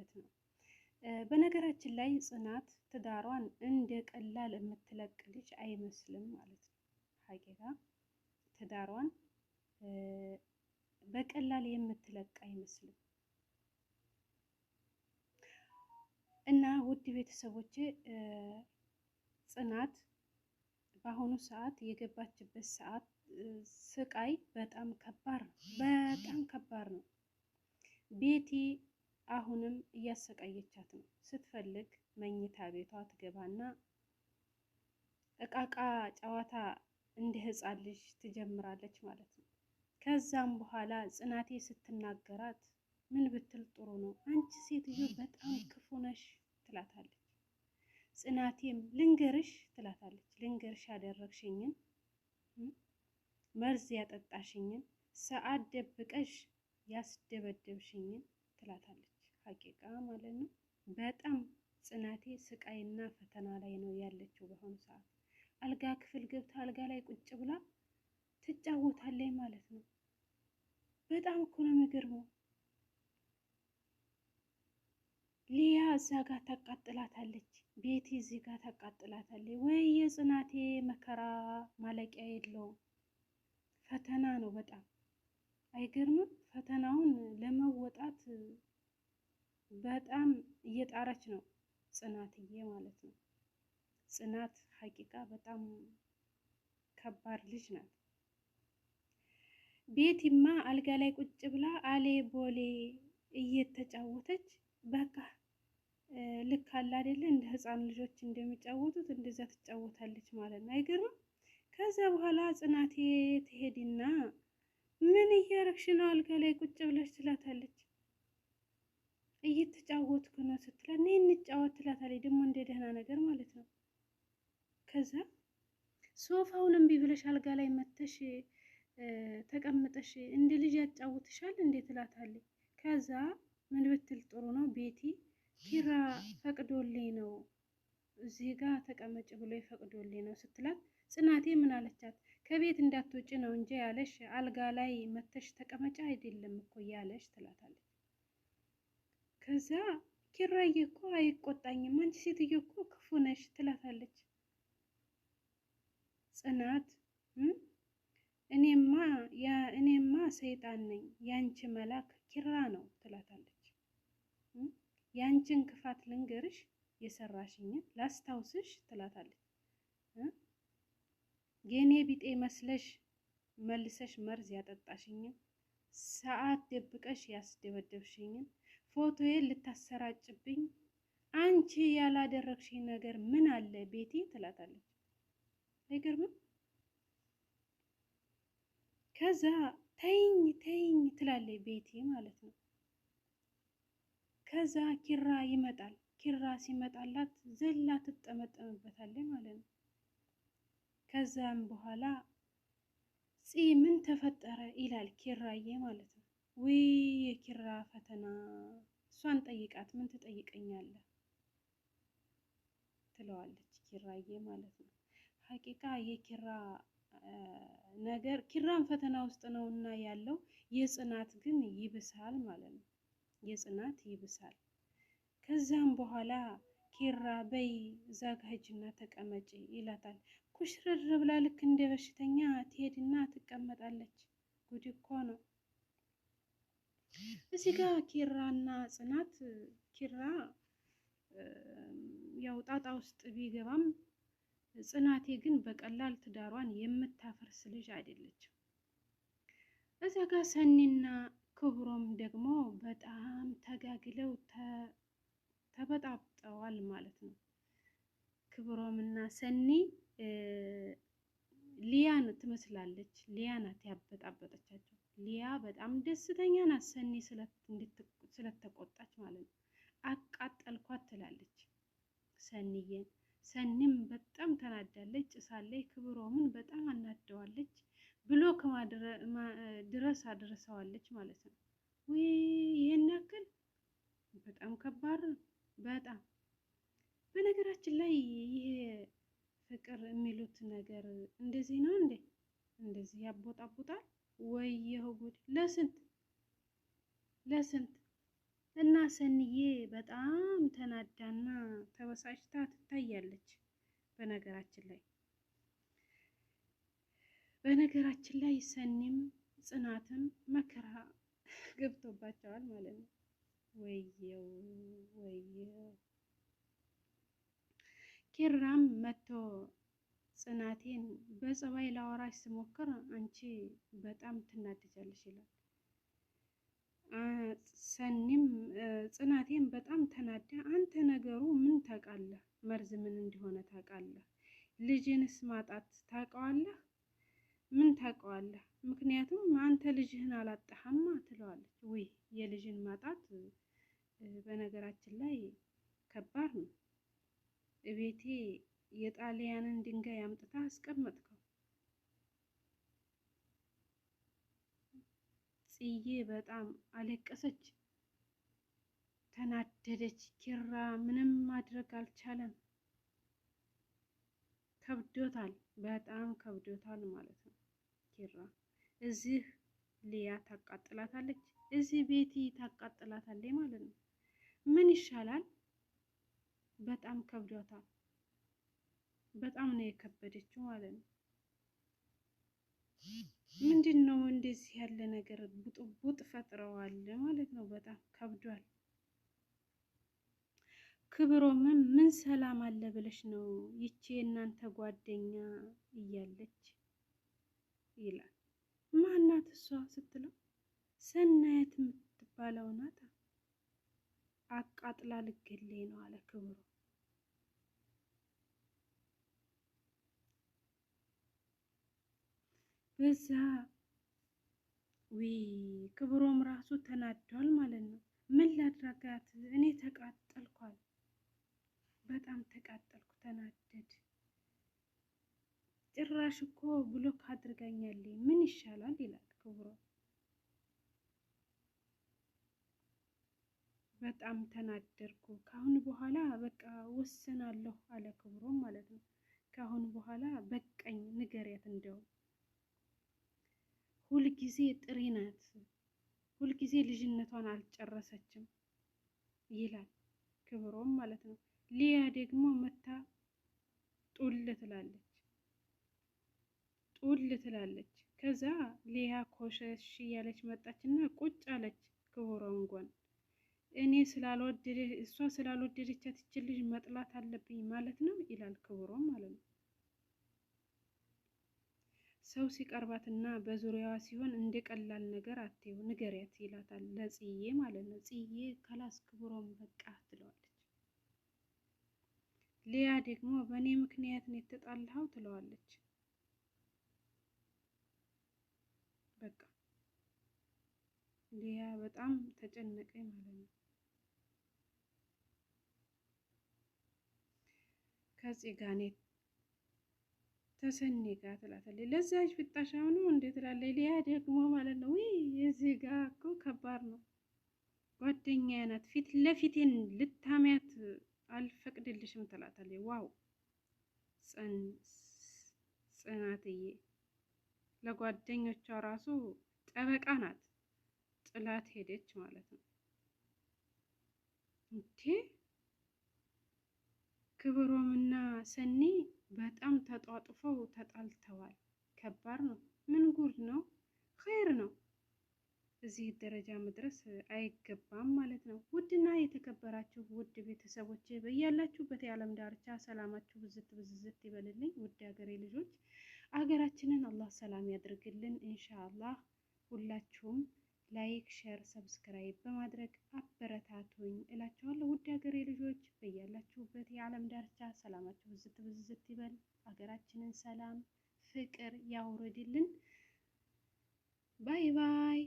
ማለት ነው። በነገራችን ላይ ጽናት ትዳሯን እንደ ቀላል የምትለቅ ልጅ አይመስልም ማለት ነው። ሀቂቃ ትዳሯን በቀላል የምትለቅ አይመስልም። እና ውድ ቤተሰቦቼ ጽናት በአሁኑ ሰዓት የገባችበት ሰዓት ስቃይ በጣም ከባድ ነው። በጣም ከባድ ነው ቤቴ አሁንም እያሰቃየቻት ነው። ስትፈልግ መኝታ ቤቷ ትገባና እቃቃ ጨዋታ እንደ ህፃን ልጅ ትጀምራለች ማለት ነው። ከዛም በኋላ ጽናቴ ስትናገራት ምን ብትል ጥሩ ነው? አንቺ ሴትዮ በጣም ክፉ ነሽ ትላታለች። ጽናቴም ልንገርሽ ትላታለች። ልንገርሽ ያደረግሽኝን መርዝ ያጠጣሽኝን ሰዓት ደብቀሽ ያስደበደብሽኝን ትላታለች። ሀቂቃ ማለት ነው። በጣም ጽናቴ ስቃይና ፈተና ላይ ነው ያለችው በአሁኑ ሰዓት። አልጋ ክፍል ገብታ አልጋ ላይ ቁጭ ብላ ትጫወታለች ማለት ነው። በጣም እኮ ነው የሚገርመው። ሊያ እዛ ጋር ታቃጥላታለች፣ ቤቲ እዚህ ጋር ታቃጥላታለች። ወይ የጽናቴ መከራ ማለቂያ የለውም። ፈተና ነው በጣም አይገርምም። ፈተናውን ለመወጣት በጣም እየጣረች ነው ጽናትዬ ማለት ነው። ጽናት ሀቂቃ በጣም ከባድ ልጅ ናት። ቤቲማ አልጋ ላይ ቁጭ ብላ አሌ ቦሌ እየተጫወተች በቃ ልክ አለ አይደለ እንደ ህፃን ልጆች እንደሚጫወቱት እንደዛ ትጫወታለች ማለት ነው። አይገርም። ከዛ በኋላ ጽናቴ ትሄድና ምን እያረግሽ ነው አልጋ ላይ ቁጭ ብለሽ ትላታለች። እየተጫወትኩ ነው ስትላት እኔ እንጫወት ትላታለች። ደግሞ እንደ ደህና ነገር ማለት ነው። ከዛ ሶፋውን እምቢ ብለሽ አልጋ ላይ መተሽ ተቀምጠሽ እንደ ልጅ ያጫውትሻል እንዴ ትላታለች። ከዛ ምን ብትል ጥሩ ነው ቤቲ ኪራ ፈቅዶልኝ ነው እዚህ ጋር ተቀመጭ ብሎ ፈቅዶልኝ ነው ስትላት ጽናቴ ምን አለቻት? ከቤት እንዳትወጪ ነው እንጂ ያለሽ አልጋ ላይ መተሽ ተቀመጫ አይደለም እኮ ያለሽ ትላታለች። ከዛ ኪራዬ እኮ አይቆጣኝም፣ አንቺ ሴትዮ እኮ ክፉ ነሽ ትላታለች ጽናት። እኔማ እኔማ ሰይጣን ነኝ ያንቺ መላክ ኪራ ነው ትላታለች። ያንቺን ክፋት ልንገርሽ የሰራሽኝን ላስታውስሽ ትላታለች። የእኔ ቢጤ መስለሽ መልሰሽ መርዝ ያጠጣሽኝን ሰዓት ደብቀሽ ያስደበደብሽኝን ፎቶዬን ልታሰራጭብኝ አንቺ ያላደረግሽ ነገር ምን አለ ቤቲ ትላታለች። አይገርምም? ከዛ ተይኝ ተይኝ ትላለች ቤቲ ማለት ነው። ከዛ ኪራ ይመጣል። ኪራ ሲመጣላት ዘላ ትጠመጠምበታለች ማለት ነው። ከዛም በኋላ ፂ ምን ተፈጠረ ይላል ኪራዬ ማለት ነው። ውይ የኪራ ፈተና እሷን ጠይቃት፣ ምን ትጠይቀኛለህ ትለዋለች ኪራዬ ማለት ነው። ሀቂቃ የኪራ ነገር ኪራን ፈተና ውስጥ ነው እና ያለው የጽናት ግን ይብሳል ማለት ነው። የጽናት ይብሳል። ከዛም በኋላ ኪራ በይ ዘጋጅና ተቀመጪ ይላታል። ኩሽርር ብላ ልክ እንደ በሽተኛ ትሄድና ትቀመጣለች። ጉድ እኮ ነው። እዚህ ጋር ኪራና ጽናት ኪራ ያው ጣጣ ውስጥ ቢገባም ጽናቴ ግን በቀላል ትዳሯን የምታፈርስ ልጅ አይደለችም። እዛ ጋ ሰኒና ክብሮም ደግሞ በጣም ተጋግለው ተበጣብጠዋል ማለት ነው። ክብሮም እና ሰኒ ሊያን ትመስላለች። ሊያ ናት ያበጣበጠቻቸው። ሊያ በጣም ደስተኛ ናት፣ ሰኒ ስለተቆጣች ማለት ነው። አቃጠልኳት ትላለች ሰኒዬን። ሰኒም በጣም ተናዳለች፣ ጭሳለች፣ ክብሮምን በጣም አናደዋለች፣ ብሎ ድረስ አድርሰዋለች ማለት ነው። ውይ ይህን ያክል በጣም ከባድ ነው። በጣም በነገራችን ላይ ይሄ ፍቅር የሚሉት ነገር እንደዚህ ነው እንዴ? እንደዚህ ያቦጣቦጣል። ወየው ጉድ! ለስንት ለስንት እና ሰንዬ በጣም ተናዳና ተበሳጭታ ትታያለች። በነገራችን ላይ በነገራችን ላይ ሰኒም ጽናትም መከራ ገብቶባቸዋል ማለት ነው። ወየው ወየው ኪራም መቶ ጽናቴን በጸባይ ላወራሽ ስሞክር አንቺ በጣም ትናደጃለሽ ይላል። ሰኒም ጽናቴን በጣም ተናዳ አንተ ነገሩ ምን ታውቃለህ? መርዝ ምን እንደሆነ ታውቃለህ? ልጅንስ ማጣት ታውቀዋለህ? ምን ታውቀዋለህ? ምክንያቱም አንተ ልጅህን አላጣህማ ትለዋለች። ውይ የልጅን ማጣት በነገራችን ላይ ከባድ ነው። እቤቴ የጣሊያንን ድንጋይ አምጥታ አስቀመጥከው። ጽዬ በጣም አለቀሰች፣ ተናደደች። ኪራ ምንም ማድረግ አልቻለም። ከብዶታል፣ በጣም ከብዶታል ማለት ነው። ኪራ እዚህ ሊያ ታቃጥላታለች፣ እዚህ ቤቲ ታቃጥላታለች ማለት ነው። ምን ይሻላል? በጣም ከብዶታል። በጣም ነው የከበደችው ማለት ነው። ምንድን ነው እንደዚህ ያለ ነገር ቡጥቡጥ ፈጥረዋል ማለት ነው። በጣም ከብዷል። ክብሮ ምን ምን ሰላም አለ ብለሽ ነው ይቺ የእናንተ ጓደኛ እያለች ይላል። ማናት እሷ ስትለው ሰናየት የምትባለው ናት። አቃጥላ ልገሌ ነው አለ ክብሮ። እዛ ውይ ክብሮም ራሱ ተናዷል ማለት ነው። ምን ላድራጋት እኔ ተቃጠልኳል። በጣም ተቃጠልኩ፣ ተናደድ። ጭራሽ እኮ ብሎክ አድርጋኛለኝ። ምን ይሻላል ይላል ክብሮም። በጣም ተናደርኩ። ከአሁን በኋላ በቃ ወሰናለሁ አለ ክብሮም ማለት ነው። ከአሁን በኋላ በቀኝ ንገሪያት እንደውም ሁልጊዜ ጥሬ ናት፣ ሁልጊዜ ልጅነቷን አልጨረሰችም ይላል ክብሮም ማለት ነው። ሊያ ደግሞ መታ ጡል ትላለች ጡል ትላለች። ከዛ ሊያ ኮሸሽ እያለች መጣች እና ቁጭ አለች ክብሮም ጎን። እኔ ስላልወደደ እሷ ስላልወደደቻት ልጅ መጥላት አለብኝ ማለት ነው ይላል ክብሮም ማለት ነው። ሰው ሲቀርባትና በዙሪያዋ ሲሆን እንደ ቀላል ነገር አትየው ንገሪያት ይላታል፣ ለጽዬ ማለት ነው። ጽዬ ክብሮም በቃ ትለዋለች። ሊያ ደግሞ በእኔ ምክንያት ነው የተጣላኸው ትለዋለች። በቃ ሊያ በጣም ተጨነቀ ማለት ነው። ከዚህ ጋር ተሰኒ ጋር ትላታለች። ለዛች ፍጣሻው ነው እንዴ ትላለች። ሊያ ደግሞ ማለት ነው ወይ እዚህ ጋር እኮ ከባድ ነው። ጓደኛ ናት፣ ፊት ለፊቴን ልታሚያት አልፈቅድልሽም ትላታለች። ዋው ጽናትዬ ለጓደኞቿ ራሱ ጠበቃ ናት። ጥላት ሄደች ማለት ነው እንዴ ክብሮም እና ሰኒ በጣም ተጧጥፈው ተጣልተዋል። ከባድ ነው። ምን ጉድ ነው? ኸይር ነው። እዚህ ደረጃ መድረስ አይገባም ማለት ነው። ውድና የተከበራችሁ ውድ ቤተሰቦች በያላችሁበት የዓለም ዳርቻ ሰላማችሁ ብዝት ብዝዝት ይበልልኝ። ውድ ሀገሬ ልጆች አገራችንን አላህ ሰላም ያድርግልን። ኢንሻአላህ ሁላችሁም ላይክ፣ ሸር፣ ሰብስክራይብ በማድረግ አበረታቱኝ እላችኋለሁ። ውድ ሀገሬ ልጆች በያላችሁበት የዓለም ዳርቻ ሰላማችሁ ብዝት ብዝት ይበል። ሀገራችንን ሰላም፣ ፍቅር ያውርድልን። ባይ ባይ።